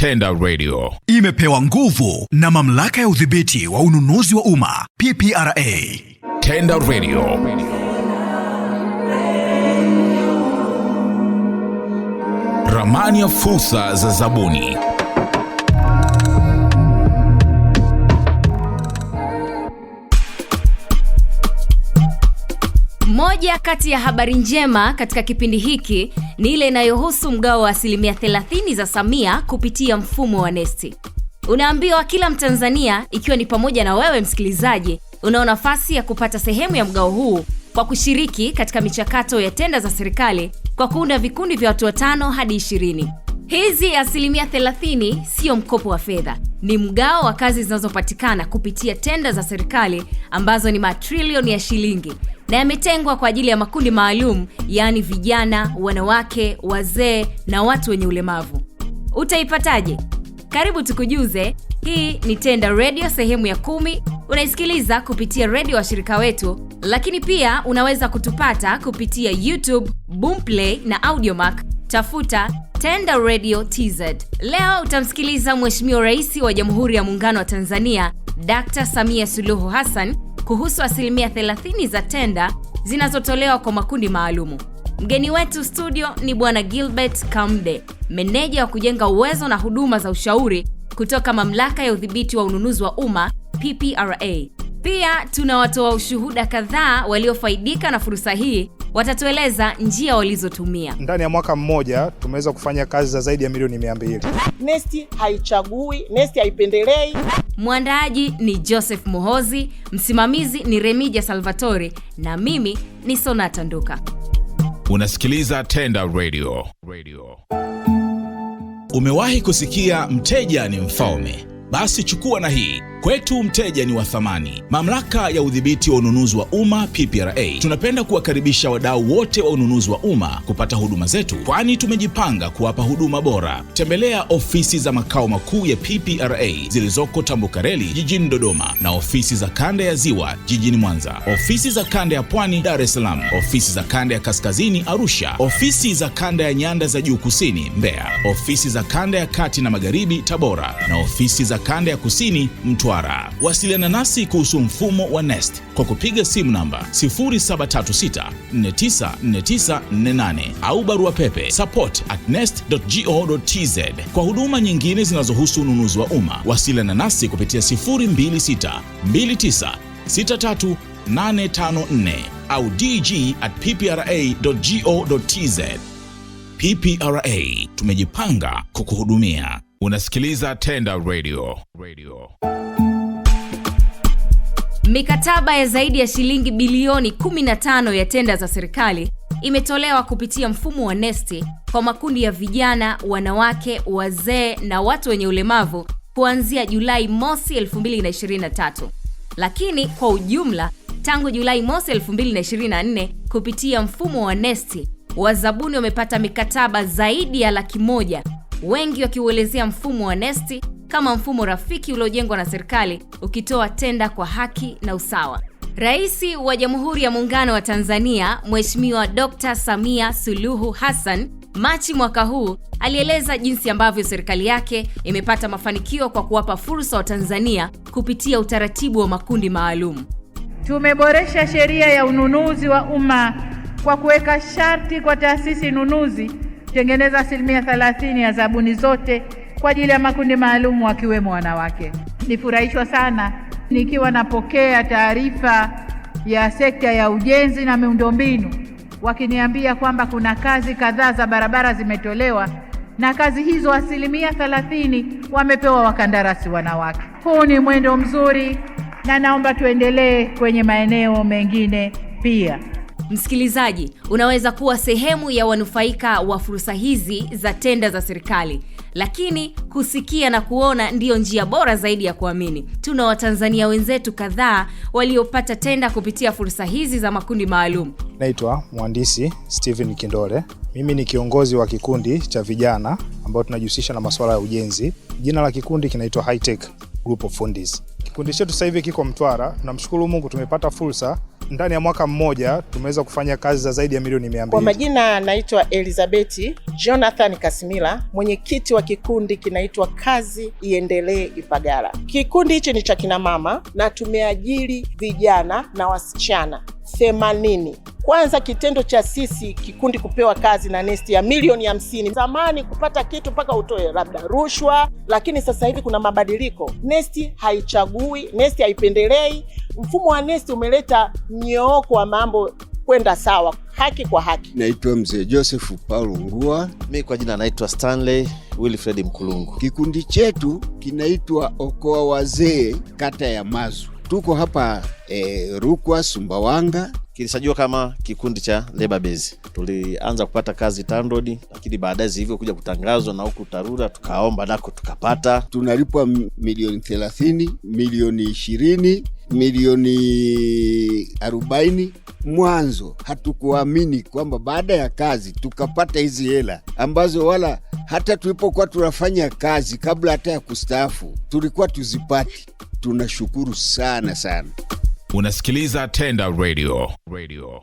Tenda Radio imepewa nguvu na mamlaka ya udhibiti wa ununuzi wa umma PPRA. Tenda Radio ramani ya fursa za zabuni. Moja kati ya habari njema katika kipindi hiki ni ile inayohusu mgao wa asilimia 30 za Samia kupitia mfumo wa nesti Unaambiwa kila Mtanzania, ikiwa ni pamoja na wewe msikilizaji, unao nafasi ya kupata sehemu ya mgao huu kwa kushiriki katika michakato ya tenda za serikali kwa kuunda vikundi vya watu watano hadi ishirini. Hizi asilimia 30 sio mkopo wa fedha, ni mgao wa kazi zinazopatikana kupitia tenda za serikali ambazo ni matrilioni ya shilingi na yametengwa kwa ajili ya makundi maalum, yaani vijana, wanawake, wazee na watu wenye ulemavu. Utaipataje? Karibu tukujuze. Hii ni Tenda Radio sehemu ya kumi. Unaisikiliza kupitia redio washirika wetu, lakini pia unaweza kutupata kupitia YouTube, Boomplay na Audiomack. Tafuta Tenda Radio TZ. Leo utamsikiliza Mheshimiwa Rais wa Jamhuri ya Muungano wa Tanzania, Dr. Samia Suluhu Hassan kuhusu asilimia 30 za tenda zinazotolewa kwa makundi maalumu. Mgeni wetu studio ni Bwana Gilbert Kamde, meneja wa kujenga uwezo na huduma za ushauri kutoka Mamlaka ya Udhibiti wa Ununuzi wa Umma PPRA. Pia tuna ushuhuda kadhaa waliofaidika na fursa hii watatueleza njia walizotumia. Ndani ya mwaka mmoja tumeweza kufanya kazi za zaidi ya milioni mia mbili. Nesti haichagui, Nesti haipendelei. Mwandaaji ni Joseph Mohozi, msimamizi ni Remija Salvatore na mimi ni Sonata Nduka. Unasikiliza Tenda Radio. Radio. Umewahi kusikia mteja ni mfalme? Basi chukua na hii Kwetu mteja ni wa thamani. Mamlaka ya udhibiti wa ununuzi wa umma PPRA, tunapenda kuwakaribisha wadau wote wa ununuzi wa umma kupata huduma zetu, kwani tumejipanga kuwapa huduma bora. Tembelea ofisi za makao makuu ya PPRA zilizoko Tambukareli jijini Dodoma na ofisi za kanda ya Ziwa jijini Mwanza, ofisi za kanda ya Pwani Dar es Salaam, ofisi za kanda ya Kaskazini Arusha, ofisi za kanda ya Nyanda za Juu Kusini Mbeya, ofisi za kanda ya Kati na Magharibi Tabora na ofisi za kanda ya Kusini Mtu Mtwara. Wasiliana nasi kuhusu mfumo wa NeST kwa kupiga simu namba 0736494948 au barua pepe support at nest.go.tz. Kwa huduma nyingine zinazohusu ununuzi wa umma wasiliana nasi kupitia 0262963854 au dg at ppra.go.tz. PPRA, tumejipanga kukuhudumia. Unasikiliza Tenda Radio. Radio. Mikataba ya zaidi ya shilingi bilioni 15 ya tenda za serikali imetolewa kupitia mfumo wa nesti kwa makundi ya vijana, wanawake, wazee na watu wenye ulemavu kuanzia Julai mosi 2023. Lakini kwa ujumla tangu Julai mosi 2024 kupitia mfumo wa Nesti, wazabuni wamepata mikataba zaidi ya laki moja, wengi wakiuelezea mfumo wa nesti kama mfumo rafiki uliojengwa na serikali ukitoa tenda kwa haki na usawa. Rais wa Jamhuri ya Muungano wa Tanzania Mheshimiwa Dr. Samia Suluhu Hassan Machi mwaka huu alieleza jinsi ambavyo serikali yake imepata mafanikio kwa kuwapa fursa wa tanzania kupitia utaratibu wa makundi maalum. Tumeboresha sheria ya ununuzi wa umma kwa kuweka sharti kwa taasisi nunuzi kutengeneza asilimia 30 ya zabuni zote kwa ajili ya makundi maalum wakiwemo wanawake. Nifurahishwa sana nikiwa napokea taarifa ya sekta ya ujenzi na miundombinu wakiniambia kwamba kuna kazi kadhaa za barabara zimetolewa na kazi hizo asilimia thelathini wamepewa wakandarasi wanawake. Huu ni mwendo mzuri, na naomba tuendelee kwenye maeneo mengine pia. Msikilizaji, unaweza kuwa sehemu ya wanufaika wa fursa hizi za tenda za serikali, lakini kusikia na kuona ndiyo njia bora zaidi ya kuamini. Tuna Watanzania wenzetu kadhaa waliopata tenda kupitia fursa hizi za makundi maalum. Naitwa mhandisi Steven Kindole. Mimi ni kiongozi wa kikundi cha vijana ambao tunajihusisha na masuala ya ujenzi. Jina la kikundi kinaitwa Hightech Group of Kikundi chetu sasa hivi kiko Mtwara. Tunamshukuru Mungu tumepata fursa ndani ya mwaka mmoja tumeweza kufanya kazi za zaidi ya milioni mbili. Kwa majina anaitwa Elizabeth Jonathan Kasimila, mwenyekiti wa kikundi kinaitwa Kazi Iendelee Ipagala. Kikundi hichi ni cha kinamama na tumeajiri vijana na wasichana themanini. Kwanza kitendo cha sisi kikundi kupewa kazi na NeST ya milioni hamsini. Zamani kupata kitu mpaka utoe labda rushwa, lakini sasa hivi kuna mabadiliko. NeST haichagui, NeST haipendelei Mfumo wa NeST umeleta nyooko wa mambo kwenda sawa, haki kwa haki. Naitwa Mzee Joseph Paulo Ngua. Mimi kwa jina naitwa Stanley Wilfred Mkulungu. Kikundi chetu kinaitwa Okoa Wazee, kata ya Mazu. Tuko hapa e, Rukwa, Sumbawanga. Kilisajiliwa kama kikundi cha Leba Base, tulianza kupata kazi TANROADS, lakini baadaye zilivyokuja kuja kutangazwa na huku TARURA tukaomba nako tukapata. Tunalipwa milioni thelathini, milioni ishirini milioni arobaini. Mwanzo hatukuamini kwamba baada ya kazi tukapata hizi hela ambazo wala hata tulipokuwa tunafanya kazi kabla hata ya kustaafu tulikuwa tuzipati. Tunashukuru sana sana. Unasikiliza Tenda Radio. Radio.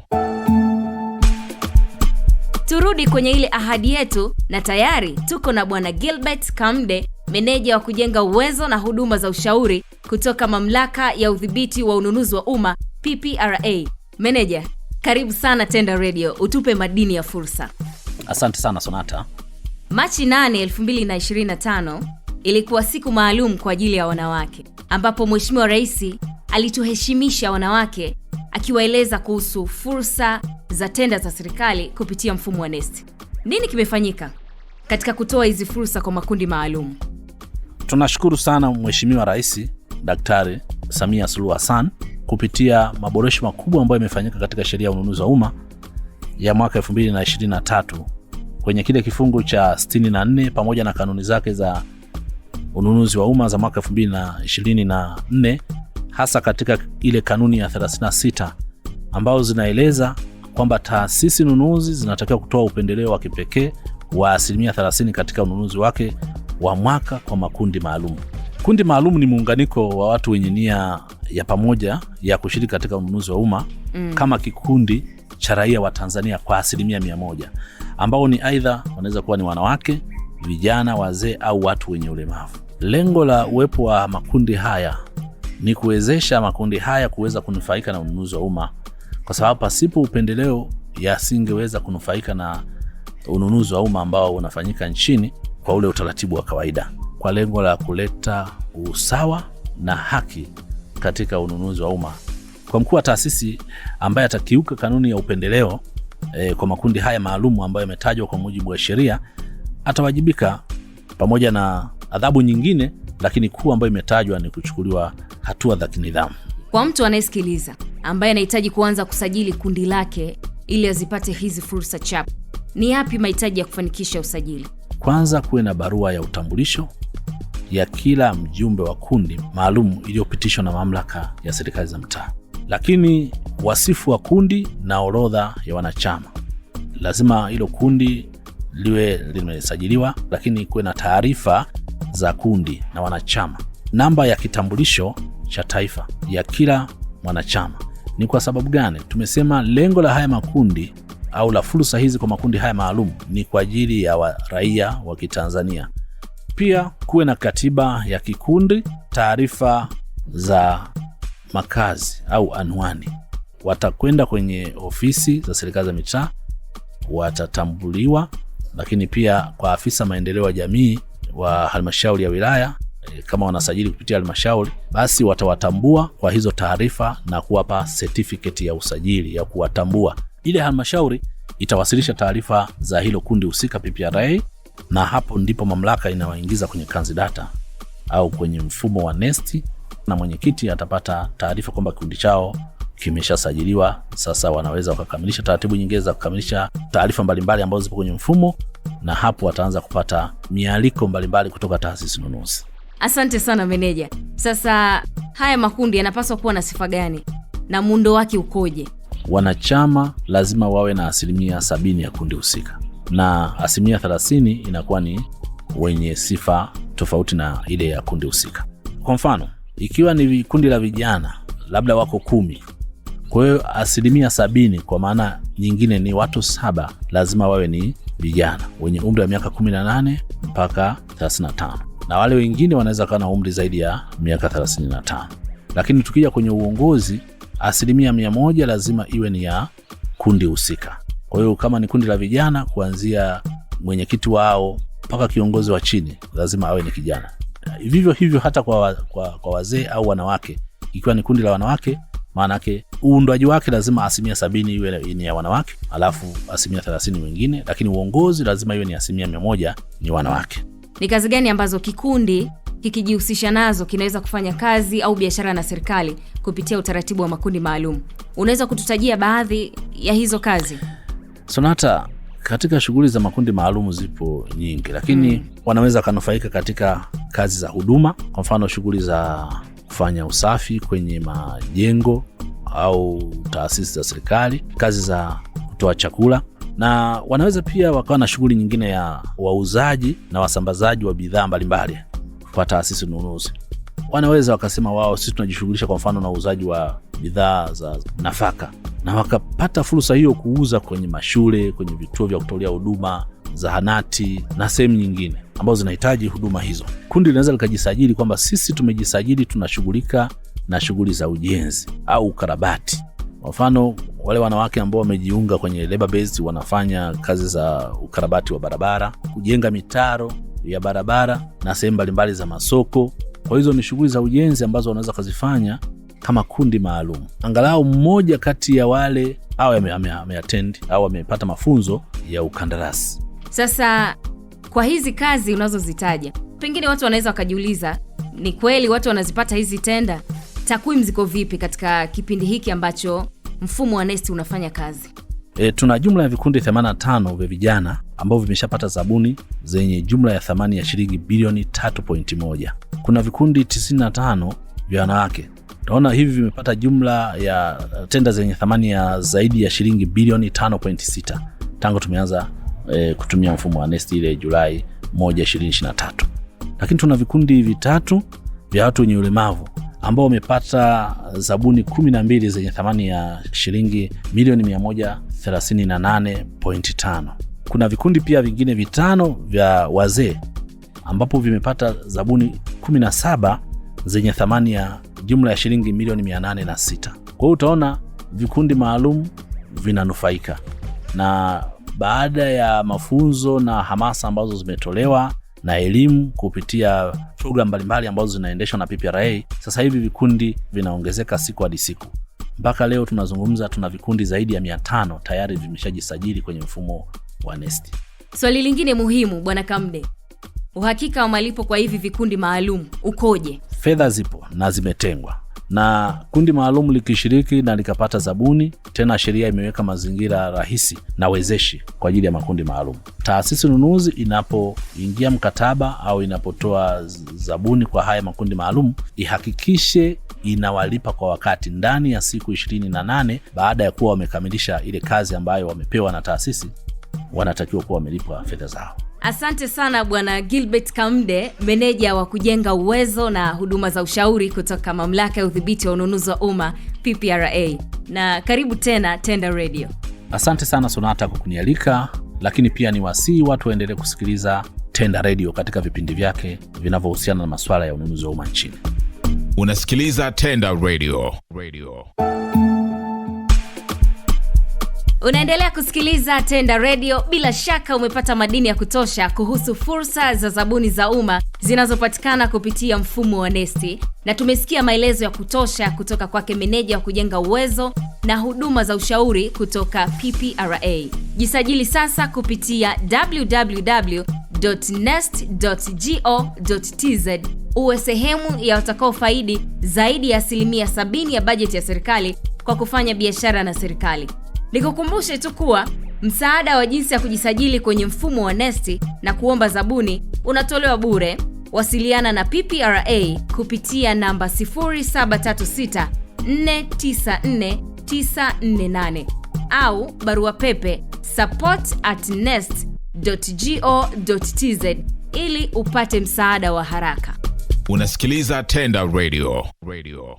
Turudi kwenye ile ahadi yetu, na tayari tuko na Bwana Gilbert Kamde meneja wa kujenga uwezo na huduma za ushauri kutoka mamlaka ya udhibiti wa ununuzi wa umma PPRA. Meneja, karibu sana Tenda Radio, utupe madini ya fursa. Asante sana Sonata. Machi 8, 2025 ilikuwa siku maalum kwa ajili ya wanawake ambapo Mheshimiwa Rais alituheshimisha wanawake akiwaeleza kuhusu fursa za tenda za serikali kupitia mfumo wa NeST. Nini kimefanyika katika kutoa hizi fursa kwa makundi maalum? Tunashukuru sana Mheshimiwa Rais Daktari Samia Suluhu Hassan kupitia maboresho makubwa ambayo yamefanyika katika sheria ya ununuzi wa umma ya mwaka 2023 kwenye kile kifungu cha 64 pamoja na kanuni zake za ununuzi wa umma za mwaka 2024 hasa katika ile kanuni ya 36 ambazo zinaeleza kwamba taasisi nunuzi zinatakiwa kutoa upendeleo wa kipekee wa asilimia 30 katika ununuzi wake wa mwaka kwa makundi maalum. Kundi maalum ni muunganiko wa watu wenye nia ya pamoja ya kushiriki katika ununuzi wa umma mm. kama kikundi cha raia wa Tanzania kwa asilimia mia moja ambao ni aidha, wanaweza kuwa ni wanawake, vijana, wazee au watu wenye ulemavu. Lengo la uwepo wa makundi haya ni kuwezesha makundi haya kuweza kunufaika na ununuzi wa umma, kwa sababu pasipo upendeleo yasingeweza kunufaika na ununuzi wa umma ambao unafanyika nchini kwa ule utaratibu wa kawaida kwa lengo la kuleta usawa na haki katika ununuzi wa umma. Kwa mkuu wa taasisi ambaye atakiuka kanuni ya upendeleo e, kwa makundi haya maalum ambayo yametajwa kwa mujibu wa sheria atawajibika pamoja na adhabu nyingine, lakini kuu ambayo imetajwa ni kuchukuliwa hatua za kinidhamu. Kwa mtu anayesikiliza ambaye anahitaji kuanza kusajili kundi lake ili azipate hizi fursa chap, ni yapi mahitaji ya kufanikisha usajili? Kwanza kuwe na barua ya utambulisho ya kila mjumbe wa kundi maalum iliyopitishwa na mamlaka ya serikali za mtaa, lakini wasifu wa kundi na orodha ya wanachama. Lazima hilo kundi liwe limesajiliwa, lakini kuwe na taarifa za kundi na wanachama, namba ya kitambulisho cha taifa ya kila mwanachama. Ni kwa sababu gani? Tumesema lengo la haya makundi au la fursa hizi kwa makundi haya maalum ni kwa ajili ya raia wa Kitanzania. Pia kuwe na katiba ya kikundi, taarifa za makazi au anwani. Watakwenda kwenye ofisi za serikali za mitaa, watatambuliwa. Lakini pia kwa afisa maendeleo ya jamii wa halmashauri ya wilaya eh, kama wanasajili kupitia halmashauri basi watawatambua kwa hizo taarifa na kuwapa certificate ya usajili ya kuwatambua ile halmashauri itawasilisha taarifa za hilo kundi husika PPRA, na hapo ndipo mamlaka inawaingiza kwenye kanzidata au kwenye mfumo wa NeST, na mwenyekiti atapata taarifa kwamba kikundi chao kimeshasajiliwa. Sasa wanaweza wakakamilisha taratibu nyingine za kukamilisha taarifa mbalimbali ambazo zipo kwenye mfumo, na hapo wataanza kupata mialiko mbalimbali kutoka taasisi nunuzi. Asante sana meneja. Sasa haya makundi yanapaswa kuwa na sifa gani na muundo wake ukoje? wanachama lazima wawe na asilimia sabini ya kundi husika, na asilimia thelathini inakuwa ni wenye sifa tofauti na ile ya kundi husika. Kwa mfano, ikiwa ni kundi la vijana labda wako kumi, kwa hiyo asilimia sabini kwa maana nyingine ni watu saba lazima wawe ni vijana wenye umri wa miaka 18 mpaka 35, na wale wengine wanaweza kawa na umri zaidi ya miaka 35. Lakini tukija kwenye uongozi asilimia mia moja lazima iwe ni ya kundi husika. Kwa hiyo kama ni kundi la vijana, kuanzia mwenyekiti wao mpaka kiongozi wa chini lazima awe ni kijana. Vivyo hivyo hata kwa, kwa, kwa wazee au wanawake, ikiwa ni kundi la wanawake maanake uundwaji wake lazima asilimia sabini iwe ni ya wanawake, alafu asilimia thelathini wengine, lakini uongozi lazima iwe ni asilimia mia moja ni wanawake. Ni kazi gani ambazo kikundi kikijihusisha nazo kinaweza kufanya kazi au biashara na serikali kupitia utaratibu wa makundi maalum. Unaweza kututajia baadhi ya hizo kazi? Sonata, katika shughuli za makundi maalumu zipo nyingi, lakini mm, wanaweza wakanufaika katika kazi za huduma, kwa mfano shughuli za kufanya usafi kwenye majengo au taasisi za serikali, kazi za kutoa chakula, na wanaweza pia wakawa na shughuli nyingine ya wauzaji na wasambazaji wa bidhaa mbalimbali kwa taasisi nunuzi. Wanaweza wakasema wao, sisi tunajishughulisha kwa mfano na uuzaji wa bidhaa za nafaka, na wakapata fursa hiyo kuuza kwenye mashule, kwenye vituo vya kutolea huduma, zahanati na sehemu nyingine ambazo zinahitaji huduma hizo. Kundi linaweza likajisajili kwamba sisi tumejisajili, tunashughulika na shughuli za ujenzi au ukarabati. Kwa mfano wale wanawake ambao wamejiunga kwenye labor wanafanya kazi za ukarabati wa barabara, kujenga mitaro ya barabara na sehemu mbalimbali za masoko. Kwa hizo ni shughuli za ujenzi ambazo wanaweza kuzifanya kama kundi maalum. Angalau mmoja kati ya wale au ameatendi au amepata mafunzo ya ukandarasi. Sasa kwa hizi kazi unazozitaja, pengine watu wanaweza wakajiuliza, ni kweli watu wanazipata hizi tenda? Takwimu ziko vipi katika kipindi hiki ambacho mfumo wa NeST unafanya kazi? E, tuna jumla ya vikundi 85 vya vijana ambavyo vimeshapata zabuni zenye jumla ya thamani ya shilingi bilioni 3.1. Kuna vikundi 95 vya wanawake Tunaona hivi vimepata jumla ya uh, tenda zenye thamani ya zaidi ya shilingi bilioni 5.6 tangu tumeanza e, kutumia mfumo wa NeST ile Julai 1, 2023. Lakini tuna vikundi vitatu vya watu wenye ulemavu ambao wamepata uh, zabuni 12 zenye thamani ya shilingi milioni 138.5. Kuna vikundi pia vingine vitano vya wazee ambapo vimepata zabuni 17 zenye thamani ya jumla ya shilingi milioni 806. Kwa hiyo utaona vikundi maalum vinanufaika na baada ya mafunzo na hamasa ambazo zimetolewa na elimu kupitia programu mbalimbali ambazo zinaendeshwa na PPRA, sasa hivi vikundi vinaongezeka siku hadi siku. Mpaka leo tunazungumza, tuna vikundi zaidi ya mia tano tayari vimeshajisajili kwenye mfumo wanesti. Swali lingine muhimu, Bwana Kamde, uhakika wa malipo kwa hivi vikundi maalum ukoje? Fedha zipo na zimetengwa na kundi maalum likishiriki na likapata zabuni. Tena sheria imeweka mazingira rahisi na wezeshi kwa ajili ya makundi maalum. Taasisi nunuzi inapoingia mkataba au inapotoa zabuni kwa haya makundi maalum, ihakikishe inawalipa kwa wakati ndani ya siku ishirini na nane baada ya kuwa wamekamilisha ile kazi ambayo wamepewa na taasisi wanatakiwa kuwa wamelipwa fedha zao. Asante sana Bwana Gilbert Kamde, meneja wa kujenga uwezo na huduma za ushauri kutoka mamlaka ya udhibiti wa ununuzi wa umma PPRA, na karibu tena Tenda Radio. Asante sana Sonata kwa kunialika, lakini pia ni wasii watu waendelee kusikiliza Tenda Radio katika vipindi vyake vinavyohusiana na masuala ya ununuzi wa umma nchini. Unasikiliza Tenda Radio. Radio. Unaendelea kusikiliza Tenda Radio. Bila shaka umepata madini ya kutosha kuhusu fursa za zabuni za umma zinazopatikana kupitia mfumo wa nesti na tumesikia maelezo ya kutosha kutoka kwake meneja wa kujenga uwezo na huduma za ushauri kutoka PPRA. Jisajili sasa kupitia www.nest.go.tz uwe sehemu ya watakaofaidi zaidi ya asilimia 70 ya bajeti ya serikali kwa kufanya biashara na serikali. Nikukumbushe tu kuwa msaada wa jinsi ya kujisajili kwenye mfumo wa NeST na kuomba zabuni unatolewa bure. Wasiliana na PPRA kupitia namba 0736 948 au barua pepe support@nest.go.tz ili upate msaada wa haraka. Unasikiliza Tenda Radio. Radio.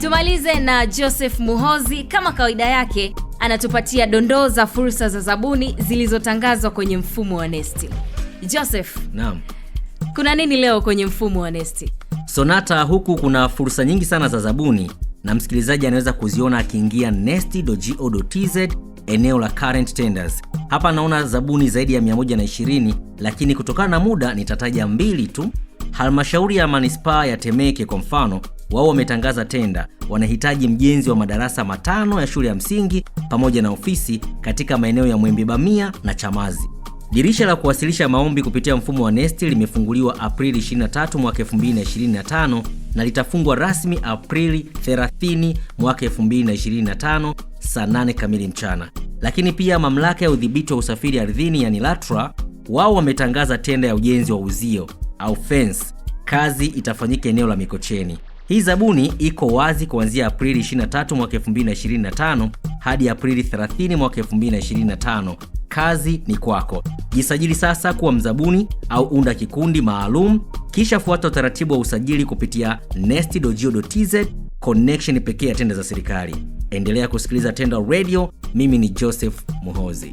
Tumalize na Joseph Muhozi, kama kawaida yake, anatupatia dondoo za fursa za zabuni zilizotangazwa kwenye mfumo wa NeST. Joseph, naam, kuna nini leo kwenye mfumo wa NeST? Sonata, huku kuna fursa nyingi sana za zabuni na msikilizaji anaweza kuziona akiingia nest.go.tz eneo la current tenders. Hapa naona zabuni zaidi ya 120, lakini kutokana na muda nitataja mbili tu. Halmashauri ya manispaa ya Temeke kwa mfano wao wametangaza tenda, wanahitaji mjenzi wa madarasa matano ya shule ya msingi pamoja na ofisi katika maeneo ya Mwembe Bamia na Chamazi. Dirisha la kuwasilisha maombi kupitia mfumo wa NeST limefunguliwa Aprili 23 mwaka 2025 na litafungwa rasmi Aprili 30 mwaka 2025 saa 8 kamili mchana. Lakini pia mamlaka ya udhibiti wa usafiri ardhini yani LATRA wao wametangaza tenda ya ujenzi wa uzio au fence. Kazi itafanyika eneo la Mikocheni. Hii zabuni iko wazi kuanzia Aprili 23 mwaka 2025 hadi Aprili 30 mwaka 2025. Kazi ni kwako. Jisajili sasa kuwa mzabuni au unda kikundi maalum, kisha fuata utaratibu wa usajili kupitia nest.go.tz connection pekee ya tenda za serikali. Endelea kusikiliza Tenda Radio. Mimi ni Joseph Muhozi.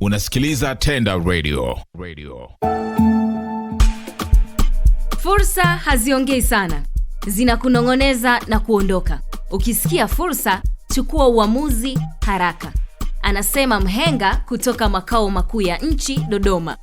Unasikiliza Tenda Radio. Radio. Fursa haziongei sana zinakunong'oneza na kuondoka. Ukisikia fursa, chukua uamuzi haraka, anasema mhenga kutoka makao makuu ya nchi Dodoma.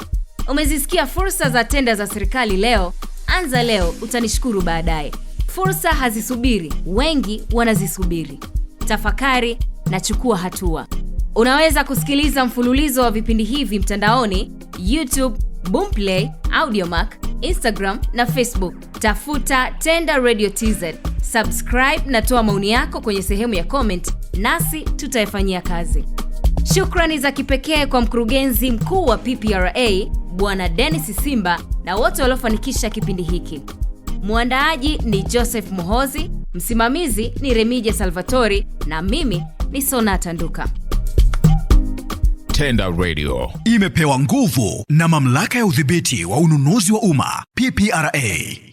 Umezisikia fursa za tenda za serikali leo? Anza leo, utanishukuru baadaye. Fursa hazisubiri, wengi wanazisubiri. Tafakari na chukua hatua. Unaweza kusikiliza mfululizo wa vipindi hivi mtandaoni YouTube Boomplay, audiomac Instagram na Facebook. Tafuta Tenda Radio TZ. Subscribe na toa maoni yako kwenye sehemu ya comment nasi tutayafanyia kazi. Shukrani za kipekee kwa mkurugenzi mkuu wa PPRA Bwana Dennis Simba na wote waliofanikisha kipindi hiki. Mwandaaji ni Joseph Mohozi, msimamizi ni Remija Salvatori na mimi ni Sonata Nduka. Tenda Radio imepewa nguvu na mamlaka ya udhibiti wa ununuzi wa umma PPRA.